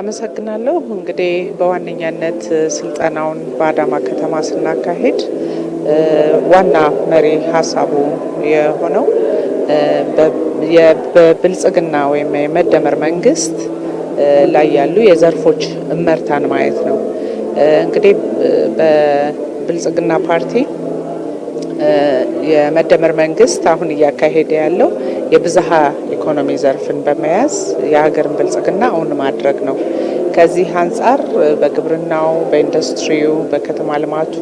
አመሰግናለሁ። እንግዲህ በዋነኛነት ስልጠናውን በአዳማ ከተማ ስናካሄድ ዋና መሪ ሀሳቡ የሆነው በብልጽግና ወይም የመደመር መንግስት ላይ ያሉ የዘርፎች እመርታን ማየት ነው። እንግዲህ በብልጽግና ፓርቲ የመደመር መንግስት አሁን እያካሄደ ያለው የብዝሃ ኢኮኖሚ ዘርፍን በመያዝ የሀገርን ብልጽግና እውን ማድረግ ነው። ከዚህ አንጻር በግብርናው፣ በኢንዱስትሪው፣ በከተማ ልማቱ፣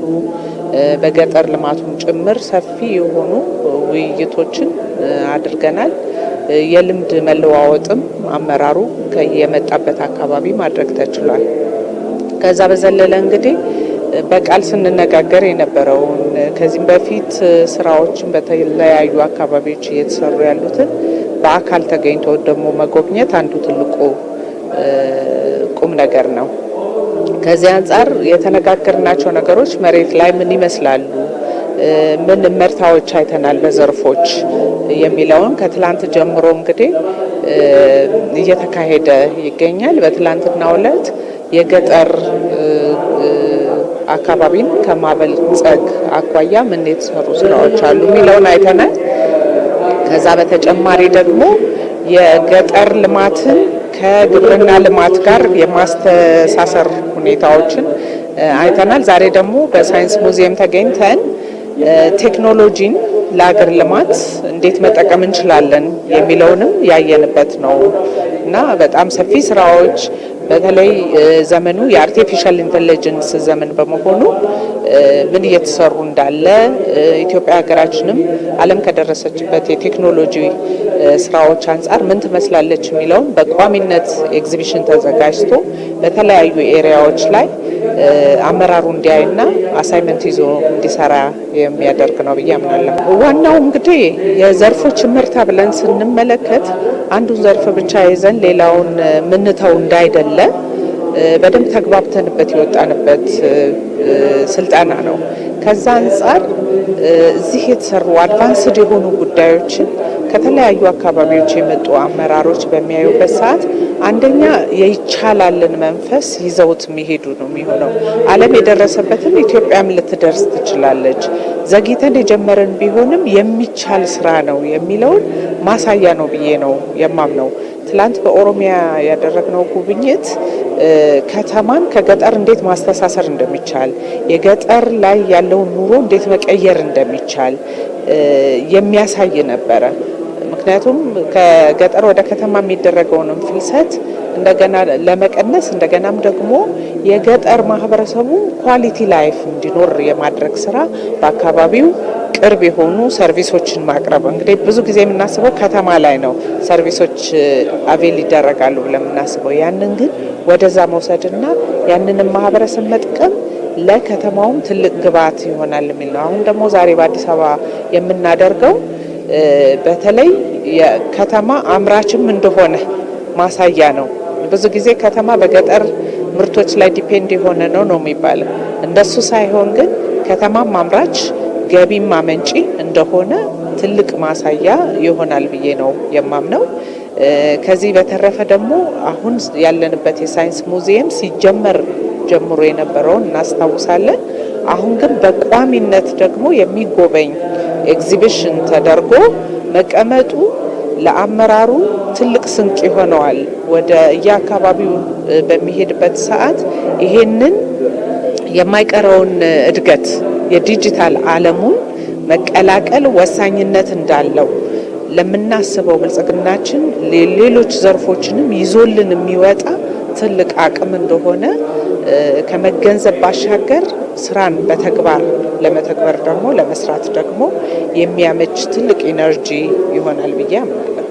በገጠር ልማቱን ጭምር ሰፊ የሆኑ ውይይቶችን አድርገናል። የልምድ መለዋወጥም አመራሩ ከየመጣበት አካባቢ ማድረግ ተችሏል። ከዛ በዘለለ እንግዲህ በቃል ስንነጋገር የነበረውን ከዚህም በፊት ስራዎችን በተለያዩ አካባቢዎች እየተሰሩ ያሉትን በአካል ተገኝቶ ደግሞ መጎብኘት አንዱ ትልቁ ቁም ነገር ነው። ከዚህ አንጻር የተነጋገርናቸው ነገሮች መሬት ላይ ምን ይመስላሉ፣ ምን ምርታዎች አይተናል በዘርፎች የሚለውን ከትላንት ጀምሮ እንግዲህ እየተካሄደ ይገኛል። በትላንትናው ዕለት የገጠር አካባቢን ከማበልጸግ አኳያ ምን የተሰሩ ስራዎች አሉ የሚለውን አይተናል። ከዛ በተጨማሪ ደግሞ የገጠር ልማትን ከግብርና ልማት ጋር የማስተሳሰር ሁኔታዎችን አይተናል። ዛሬ ደግሞ በሳይንስ ሙዚየም ተገኝተን ቴክኖሎጂን ለሀገር ልማት እንዴት መጠቀም እንችላለን የሚለውንም ያየንበት ነው እና በጣም ሰፊ ስራዎች በተለይ ዘመኑ የአርቲፊሻል ኢንተለጀንስ ዘመን በመሆኑ ምን እየተሰሩ እንዳለ ኢትዮጵያ ሀገራችንም ዓለም ከደረሰችበት የቴክኖሎጂ ስራዎች አንጻር ምን ትመስላለች የሚለውን በቋሚነት ኤግዚቢሽን ተዘጋጅቶ በተለያዩ ኤሪያዎች ላይ አመራሩ እንዲያይና አሳይመንት ይዞ እንዲሰራ የሚያደርግ ነው ብዬ አምናለሁ። ዋናው እንግዲህ የዘርፎች ምርታ ብለን ስንመለከት አንዱን ዘርፍ ብቻ ይዘን ሌላውን ምንተው እንዳይደለ በደንብ ተግባብተንበት የወጣንበት ስልጠና ነው። ከዛ አንጻር እዚህ የተሰሩ አድቫንስድ የሆኑ ጉዳዮችን ከተለያዩ አካባቢዎች የመጡ አመራሮች በሚያዩበት ሰዓት አንደኛ የይቻላልን መንፈስ ይዘውት የሚሄዱ ነው የሚሆነው። ዓለም የደረሰበትን ኢትዮጵያም ልትደርስ ትችላለች። ዘግይተን የጀመረን ቢሆንም የሚቻል ስራ ነው የሚለውን ማሳያ ነው ብዬ ነው የማምነው። ትላንት በኦሮሚያ ያደረግነው ጉብኝት ከተማን ከገጠር እንዴት ማስተሳሰር እንደሚቻል፣ የገጠር ላይ ያለውን ኑሮ እንዴት መቀየር እንደሚቻል የሚያሳይ ነበረ። ምክንያቱም ከገጠር ወደ ከተማ የሚደረገውንም ፍልሰት እንደገና ለመቀነስ እንደገናም ደግሞ የገጠር ማህበረሰቡ ኳሊቲ ላይፍ እንዲኖር የማድረግ ስራ በአካባቢው ቅርብ የሆኑ ሰርቪሶችን ማቅረብ። እንግዲህ ብዙ ጊዜ የምናስበው ከተማ ላይ ነው ሰርቪሶች አቬል ይደረጋሉ ብለን የምናስበው፣ ያንን ግን ወደዛ መውሰድና ያንንም ማህበረሰብ መጥቀም ለከተማውም ትልቅ ግብዓት ይሆናል የሚል ነው። አሁን ደግሞ ዛሬ በአዲስ አበባ የምናደርገው በተለይ የከተማ አምራችም እንደሆነ ማሳያ ነው። ብዙ ጊዜ ከተማ በገጠር ምርቶች ላይ ዲፔንድ የሆነ ነው ነው የሚባለው። እንደሱ ሳይሆን ግን ከተማም አምራች ገቢም አመንጪ እንደሆነ ትልቅ ማሳያ ይሆናል ብዬ ነው የማምነው። ከዚህ በተረፈ ደግሞ አሁን ያለንበት የሳይንስ ሙዚየም ሲጀመር ጀምሮ የነበረውን እናስታውሳለን። አሁን ግን በቋሚነት ደግሞ የሚጎበኝ ኤግዚቢሽን ተደርጎ መቀመጡ ለአመራሩ ትልቅ ስንቅ ይሆነዋል። ወደ የአካባቢው በሚሄድበት ሰዓት ይሄንን የማይቀረውን እድገት የዲጂታል ዓለሙን መቀላቀል ወሳኝነት እንዳለው ለምናስበው ብልጽግናችን ሌሎች ዘርፎችንም ይዞልን የሚወጣ ትልቅ አቅም እንደሆነ ከመገንዘብ ባሻገር ስራን በተግባር ለመተግበር ደግሞ ለመስራት ደግሞ የሚያመች ትልቅ ኢነርጂ ይሆናል ብዬ አምናለሁ።